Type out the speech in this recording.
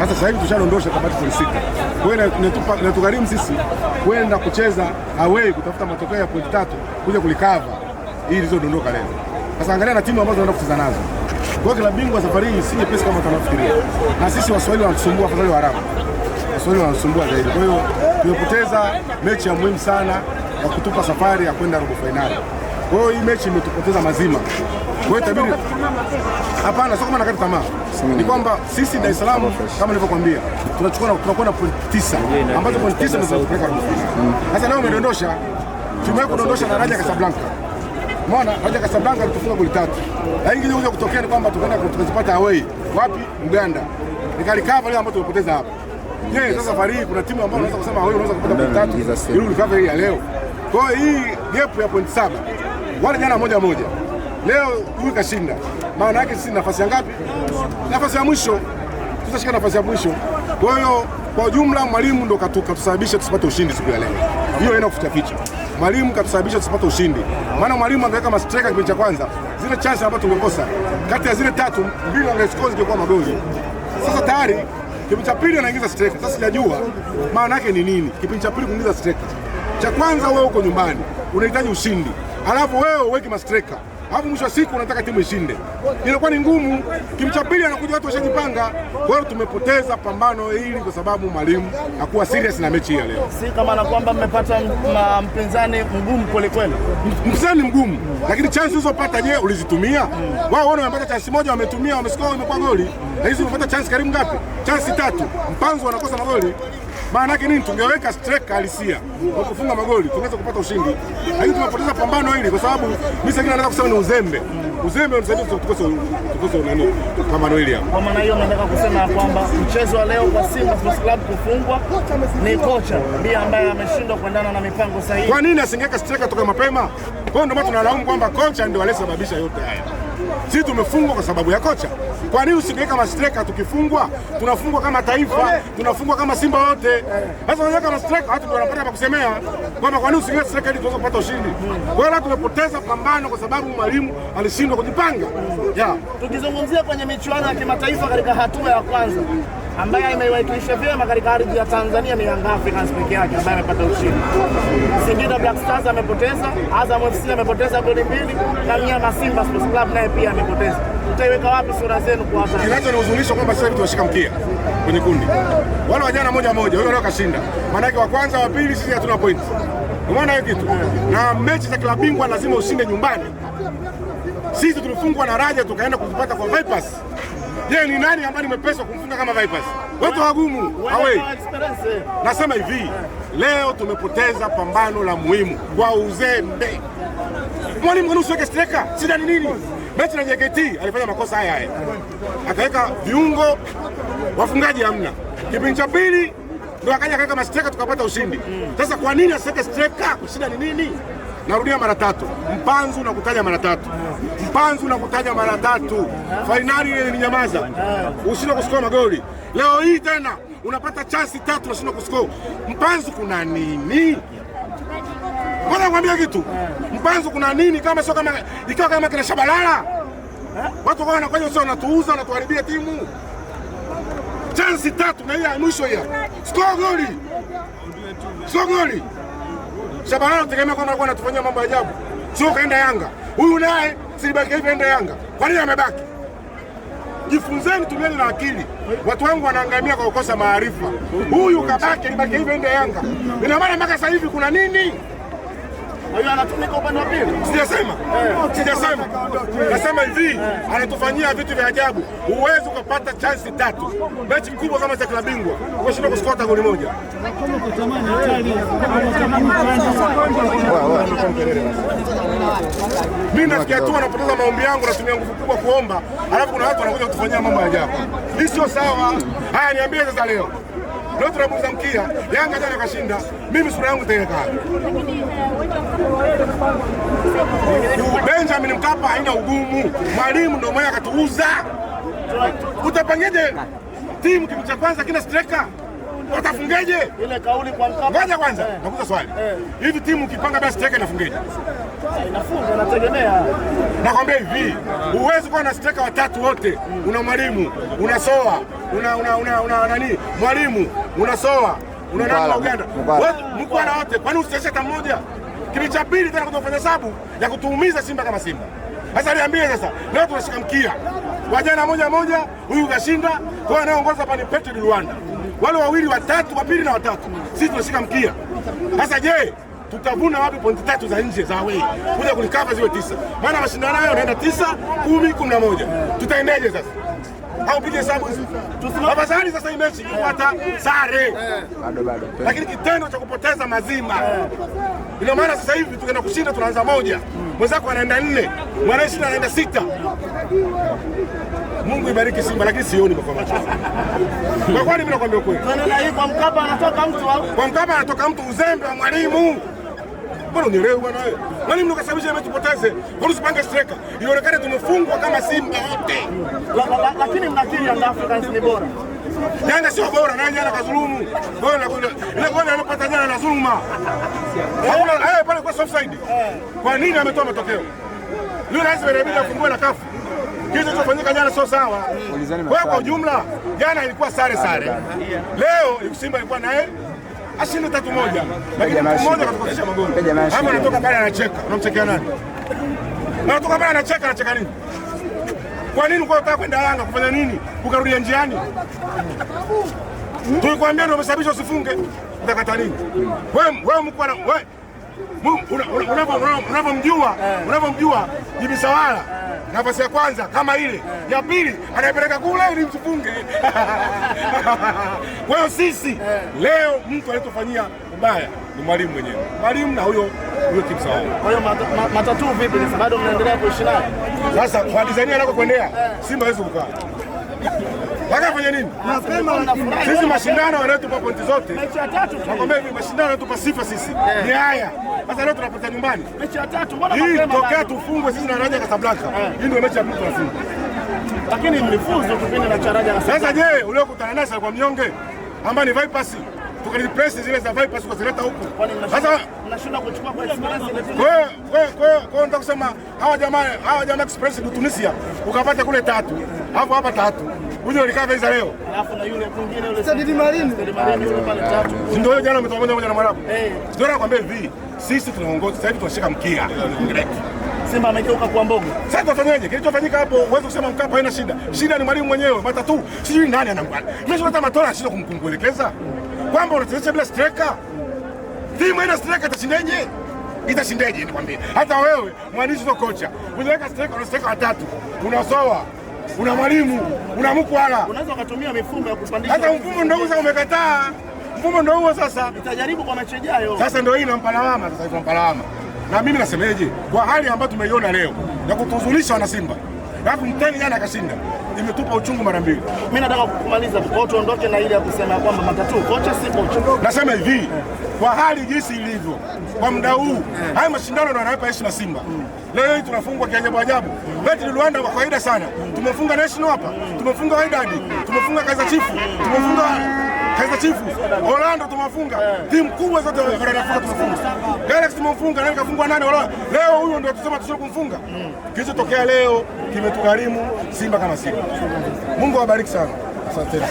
Sasa sasa hivi tushadondosha kabati tulisika, kwa hiyo natugharimu sisi kwenda kucheza away kutafuta matokeo ya pointi tatu kuja kulikava hii ilizodondoka leo. Sasa angalia na timu ambazo tunaenda kucheza nazo. Kwa hiyo klabu bingwa safari hii si nyepesi kama tunafikiria. na sisi Waswahili wanatusumbua, wa Arabu. Waswahili wanatusumbua zaidi, kwa hiyo tumepoteza mechi ya muhimu sana ya kutupa safari ya kwenda robo fainali. Kwa hiyo hii mechi imetupoteza mazima. Kwa hiyo itabidi hapana, sio kama nakata tamaa, ni kwamba sisi Dar es Salaam kama nilivyokuambia, tunachukua tunakuwa na pointi tisa ambazo point tisa ndizo zinatupeleka robo Sasa leo umedondosha, tumewahi kudondosha na Raja Casablanca Mwana Raja Casablanca alitufunga goli tatu, Na hii kilichokuja kutokea ni kwamba tukaenda tukazipata away wapi? Uganda, nikalikava leo ambayo tumepoteza hapa. Je, yes, sasa safari kuna timu ambayo unaweza kusema away unaweza kupata point tatu ili ulikava hii ya leo? Kwa hiyo hii gap ya point saba wale jana moja moja, leo huyu kashinda. Maana yake sisi nafasi ya ngapi? Nafasi ya mwisho, tutashika nafasi ya mwisho. Kwa hiyo kwa jumla, mwalimu ndo katusababisha tusipate ushindi siku ya leo. Hiyo haina kuficha ficha, mwalimu katusababisha tusipate ushindi, maana mwalimu angeweka mastreka kipindi cha kwanza, zile chance ambazo tungekosa kati ya zile tatu mbili angescore zingekuwa magoli. Sasa tayari kipindi cha pili anaingiza striker. Sasa sijajua maana yake ni nini kipindi cha pili kuingiza striker. Cha kwanza wewe uko nyumbani unahitaji ushindi alafu wewe uweke mastreka, alafu mwisho wa siku unataka timu ishinde. Ilikuwa ni ngumu. Kimchapili anakuja watu washajipanga. Kwa hiyo tumepoteza pambano hili kwa sababu mwalimu hakuwa serious na mechi ya leo, si kama na kwamba mmepata mpinzani mgumu kwelikweli kweli. Mpinzani mgumu, lakini chance ulizopata je, ulizitumia? Hmm. Wao wao wamepata chance moja, wametumia, wamescore, imekuwa goli. Na hizi umepata chance karibu ngapi? Chance tatu, mpanzo wanakosa magoli. Maana yake nini? Tungeweka striker halisia wa kufunga magoli tungeweza kupata ushindi, lakini tumepoteza pambano hili kwa sababu mimi sasa naweza kusema ni uzembe. Uzembe unasaidia tukose tukose nani pambano hili hapa. Kwa maana hiyo, nataka kusema kwamba mchezo wa leo kwa Simba Sports Club kufungwa ni kocha ndiye ambaye ameshindwa kuendana na mipango sahihi. Kwa nini asingeweka striker toka mapema? Kwa hiyo ndio maana tunalaumu kwamba kocha ndio alisababisha yote haya. Sisi tumefungwa kwa sababu ya kocha. Kwa nini usikie kama striker tukifungwa? Tunafungwa kama taifa, tunafungwa kama Simba wote. Sasa unajua kama striker watu ndio wanapata pa kusemea kwamba kwa nini usikie striker ili tuweze kupata ushindi. Kwa hiyo tumepoteza pambano kwa sababu mwalimu alishindwa kujipanga. Yeah. Tukizungumzia kwenye michuano ya kimataifa katika hatua ya kwanza ambaye imeiwakilisha vyema katika ardhi ya Tanzania ni Young Africans peke yake ambaye amepata ushindi. Singida Black Stars amepoteza, Azam FC amepoteza goli mbili na mnyama Simba Sports Club naye pia amepoteza. Tutaiweka wapi sura zenu kwa hata? Kinachonihuzunisha kwamba sasa hivi tunashika mkia kwenye kundi. Wale wajana moja moja, huyo leo kashinda. Maana yake wa kwanza, wa pili sisi hatuna point. Umeona hiyo kitu? Na mechi za klabu bingwa lazima ushinde nyumbani. Sisi tulifungwa na Raja tukaenda kuzipata kwa Vipers. Je, ni nani ambaye nimepeswa kumfunga kama Vipers? Wewe wagumu awe. Nasema hivi, leo tumepoteza pambano la muhimu kwa uzembe. Mwalimu Ganusu weke striker, shida ni nini? Mechi na JKT alifanya makosa haya haya, akaweka viungo, wafungaji hamna. Kipindi cha pili ndio akaja akaweka mastreka, tukapata ushindi. Sasa kwa nini asiweke striker? Shida ni nini? narudia mara tatu, mpanzu na kutaja mara tatu, mpanzu na kutaja mara tatu. Fainali ile ilinyamaza, ushinda kuskoa magoli. Leo hii tena unapata chansi tatu, unashinda kuskoa. Mpanzu kuna nini? Mbona kwambia kitu mpanzu kuna nini? kama sio kama ikiwa kama kina Shabalala watu kwa wanakuja sio wanatuuza, wanatuharibia timu. Chansi tatu na hiyo ya mwisho hiyo, score goli, score goli. Shabana tutegemea kwamba alikuwa anatufanyia mambo ya ajabu, sio kaenda Yanga. Huyu naye silibaki hivi aende Yanga, kwa nini amebaki? Jifunzeni, tumieni na akili. Watu wangu wanaangamia kwa kukosa maarifa. Huyu kabaki, alibaki hivi aende Yanga, ina maana mpaka sasa hivi kuna nini? anatumika upande wa pili. Sijasema, eh. sijasema, nasema hivi eh. anatufanyia vitu vya ajabu. Huwezi ukapata chansi tatu mechi mkubwa kama cha klabu bingwa ukashinda kuskota goli moja. Mimi nafikia tu anapoteza maombi yangu, natumia nguvu kubwa kuomba, alafu kuna watu wanakuja kutufanyia mambo ya ajabu. Hii sio sawa. Haya, niambie sasa leo Leo tunapuliza mkia, Yanga jana kashinda, mimi sura yangu itaeleka Benjamin Mkapa haina ugumu, mwalimu ndio mwenye akatuuza. Utapangeje timu kipindi cha kwanza kina striker watafungeje? Ile kauli kwa Mkapa. Ngoja kwanza, eh. nakuza swali eh. hivi, timu ukipanga basi teke inafungeje? Inafunga, inategemea. Nakwambia hivi, huwezi kuwa na steka watatu wote. Una mwalimu, una soa, una una una una nani? Mwalimu, una soa, una nani wa Uganda. Wewe mko na wote, kwani usichezeshe hata mmoja? Kile cha pili tena kutoa kufanya hesabu ya kutuumiza Simba kama Simba. Sasa niambie sasa, leo tunashika mkia. Wajana moja moja, huyu kashinda, kwa anaongoza pale ni Petro wale wawili watatu, wa pili na watatu, sisi tunashika mkia. Sasa je, tutavuna wapi pointi tatu za nje za away kuja kulikava ziwe tisa? Maana mashindano hayo yanaenda tisa, kumi, kumi na moja. tutaendeje sasa? au pige hesabu afadhali. Sasa hii mechi ipata sare eh. bado bado, lakini kitendo cha kupoteza mazima. Ndio maana sasa hivi tukienda kushinda tunaanza moja, mwenzako anaenda nne, mwanaishinda anaenda sita. Mungu ibariki Simba, lakini sioni kwa macho kwa kwani mimi nakwambia kweli. Kwa Mkapa anatoka mtu au? Kwa Mkapa anatoka mtu uzembe wa mwalimu. Bwana unielewe bwana wewe. Nani mndu kasababisha mechi poteze? Kwa usipange striker. Inaonekana tumefungwa kama Simba wote. Lakini mnakiri Yanga Africans ni bora. Yanga sio bora na jana kazulumu. Bora na kwenda. Ile bwana anapata jana na dhuluma. Hakuna eh pale kwa offside. Eh. Kwa nini ametoa matokeo? Leo lazima inabidi afungue na kafu kitu kilichofanyika jana sio sawa. Kwa kwa ujumla, jana ilikuwa sare sare, leo Simba ilikuwa naye ashinde tatu moja, lakini mtu mmoja katukosesha magoli, ama anatoka pale anacheka. Unamchekea nani? Anatoka pale anacheka, anacheka nini? Kwa nini kwa unataka kwenda Yanga kufanya nini? Ukarudia njiani. Tulikwambia ndio umesababisha usifunge. Utakata nini? Wewe wewe mko na wewe unavyomjua unavyomjua eh. Jibisawala nafasi ya kwanza kama ile ya pili, anaipeleka kule ili mtufunge. Kwa hiyo sisi eh. leo mtu aliyotufanyia ubaya ni mwalimu mwenyewe, mwalimu na huyo huyo kipsa sawa. Kwa hiyo matatu vipi, bado mnaendelea kuishi naye? Sasa kwa design anako kuendea eh. Simba hawezi kukaa Wakafanya nini? Sisi mashindano yanatupa pointi zote. Mechi ya tatu tu. Nakwambia hivi mashindano yanatupa sifa sisi. Ni haya. Sasa leo tunapata nyumbani. Mechi ya tatu mbona mapema? Hii tokea tufungwe sisi na Raja Casablanca. Hii ndio mechi ya pili tunafunga. Lakini mlifuzu kipindi na Raja Casablanca. Sasa je, ule ukutana naye sasa kwa mnyonge Amba ni Vipers tukareplace zile za Vipers kwa zileta huko. Sasa mnashinda kuchukua kwa Express. Kwa kwa kwa kwa nataka kusema hawa jamaa hawa jamaa Express ni Tunisia ukapata kule tatu. Hapo hapa tatu. Huyo alikaa visa leo. Alafu na yule mwingine yule. Sasa Didi Marini. Didi Marini yule pale tatu. Ndio jana umetoka moja moja na Marabu. Eh. Ndio nakwambia hivi. Sisi tunaongoza sasa hivi tunashika mkia. Simba amegeuka kuwa mbogo. Sasa tutafanyaje? Kilichofanyika hapo uweze kusema Mkapa haina shida. Shida ni mwalimu mwenyewe, mata tu. Sijui nani anamwali. Mimi hata Matola sio kumkuelekeza. Kwamba unachezesha bila striker. Timu haina striker itashindaje? Itashindaje nikwambie. Hata wewe mwandishi wa kocha, unaweka striker, na striker watatu. Unasoa una mwalimu, una mkwala, unaweza ukatumia mifumo ya kupandisha. Sasa mfumo ndio huo umekataa, mfumo ndio huo sasa. Itajaribu kwa mechi ijayo. Sasa ndio hii nampa lawama, sasa tunampa lawama. Na mimi nasemeje, kwa hali ambayo tumeiona leo ya kutuzulisha wana Simba alafu mtani jana akashinda, imetupa uchungu mara mbili. Mimi nataka kukumaliza kwa tuondoke na ile ya kusema kwamba matatu kocha sipo uchungu. Nasema hivi kwa hali jinsi ilivyo kwa muda huu, eh. haya mashindano ndio yanayapa heshima Simba. Leo hii tunafungwa kiajabu ajabu. Beti Luanda kwa kawaida sana, tumefunga National hapa, tumefunga Wydad, tumefunga Kaizer Chiefs, tumefunga Kaiser Chiefs, Orlando tumewafunga eh. timu kubwa zote za tumefunga. Mm. Galaxy tumefunga, nani kafungwa nani wala. Leo huyo ndio tusema tusio kumfunga. Mm. Kilichotokea leo kimetukarimu Simba kama Simba. Mungu awabariki sana. Asante.